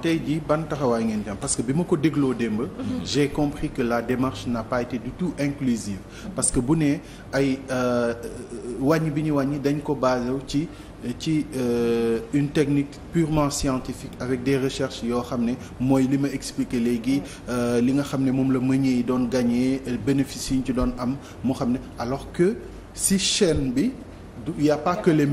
tey jii ban taxawaay ngeen ci parce que bi ma ko dégloo démb. Mhm. j'ai compris que la démarche n'a pas du tout inclusive parce que bu ne ay euh, wàññi bi ñu wàññi dañ ko basé ci ci euh, une technique purement scientifique avec des recherches yoo xam ne mooy li ma expliqué léegi euh, li nga xam ne moom la meññee yi doon gagné bénéfice yi ñu ci doon am moo xam ne alors que si chaîne bi. il y a pas que les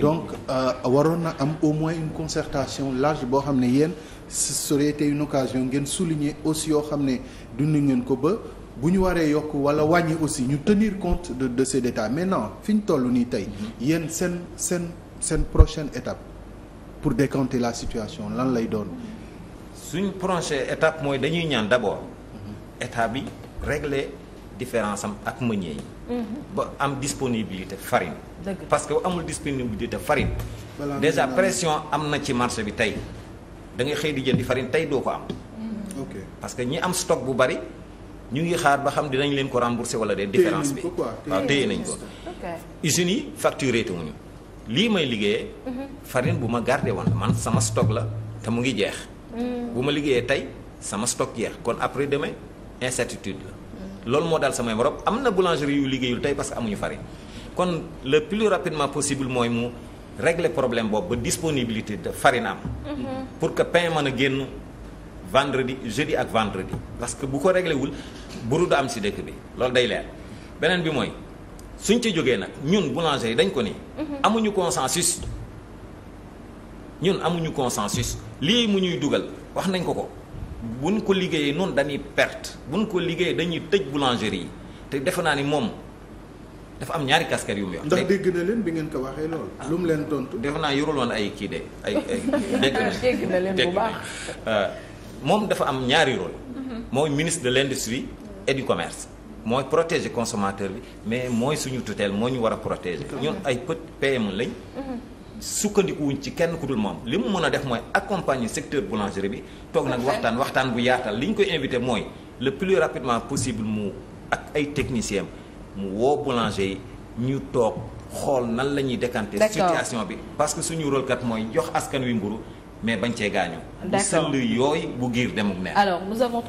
donc euh, waroon na am au moins une concertation large boo xam ne yéen ça aurait été une occasion ngeen souligner aussi yoo xam ne dund ngeen ko ba bu ñu waree yokk wala wàññi aussi ñu tenir compte de de ces détails maintenant fi ñu toll nii tey mhm. yéen seen seen seen prochaine étape pour décanter la situation lan lay doon. suñ prochaine étape mooy dañuy ñaan d'abord mhm. état bi régler. différence am ak meunier yi. Mhm. ba am disponibilité farine. parce que amul disponibilité farine. déjà pression am na ci marché bi tey da ngay xëy di jëndi farine tey doo ko am. Mhm. parce que ñi am stock bu bari ñu ngi xaar ba xam dinañ leen ko rembourser wala de différence bi waaw téye nañ ko. usines yi facturé te wuñu lii may liggéeyee. Mhm. farine bu ma gardé woon man sama stock la te mu ngi jeex. bu ma liggéeyee tey sama stock jeex kon après demain incertitude la. loolu moo daal samay morom am na boulangerie yu liggéeyul tey parce que amuñu farine kon le plus rapidement possible mooy mu régler problème boobu ba disponibilité de farine am. Mhm. pour que pain mën a génn vendredi jeudi ak vendredi. parce que bu ko réglé wul buru du am si dëkk bi loolu day leer beneen bi mooy suñ ci jógee nag ñun boulanger yi dañ ko ni mhm. amuñu consensus ñun amuñu consensus lii mu ñuy dugal wax nañ ko ko. buñ ko liggéeyee noonu dañuy perte buñ ko liggéeyee dañuy tëj boulangerie yi te defe naa ni moom dafa am ñaari casquette yu mu yor. ndax dégg na leen bi ngeen ko waxee loolu. Ah. lu mu leen tontu. defe naa yorul woon ay kii de ay dégg na leen bu baax euh, moom dafa am ñaari rôle. Mm-hmm. mooy ministre de l' industrie et du commerce. mooy protéger consommateur bi mais mooy suñu tutelle moo ñu war a protéger. ñun ay pët PME lañ. Mm-hmm. sukkandikuwuñ ci kenn ku dul moom li mu mën a def mooy accompagner secteur boulangerie bi toog nag waxtaan waxtaan bu yaatal li ñu koy invité mooy le plus rapidement possible mu ak ay technicien mu woo boulanger yi ñu toog xool nan la ñuy décanter situation bi parce que suñu rôle kat mooy jox askan wi mburu mais bañ cee gaañu bu sëll yooyu bu giir demum neex alors